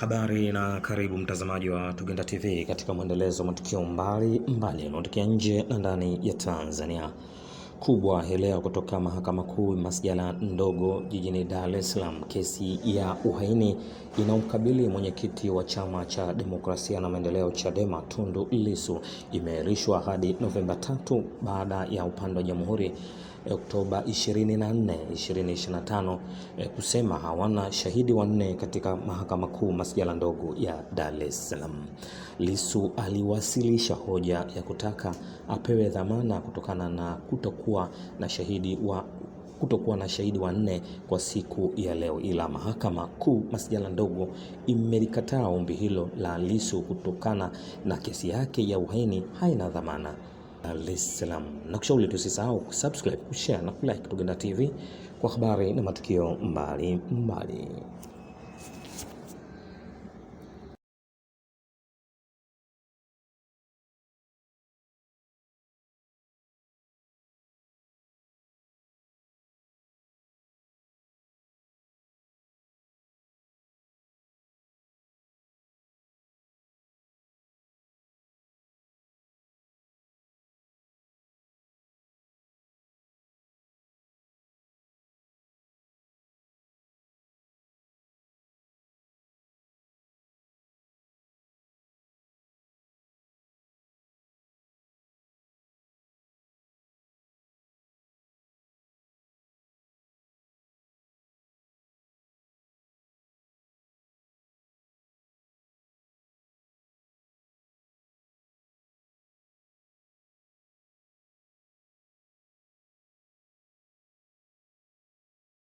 Habari na karibu mtazamaji wa Tugenda TV katika mwendelezo wa matukio mbali mbali yanayotokea nje na ndani ya Tanzania kubwa hii leo kutoka mahakama kuu masjala ndogo jijini Dar es Salaam. Kesi ya uhaini inaomkabili mwenyekiti wa chama cha demokrasia na maendeleo Chadema Tundu Lissu imeahirishwa hadi Novemba tatu baada ya upande wa jamhuri Oktoba 24, 2025 eh, kusema hawana shahidi wanne katika mahakama kuu masjala ndogo ya Dar es Salaam. Lissu aliwasilisha hoja ya kutaka apewe dhamana kutokana na kutoku kutokuwa na shahidi wa kutokuwa na shahidi wanne kwa siku ya leo, ila mahakama kuu masijala ndogo imelikataa ombi hilo la Lissu kutokana na kesi yake ya uhaini haina dhamana. Alislam na kushauri tusisahau kusubscribe, kushare na kulike Tugenda TV kwa habari na matukio mbali mbali.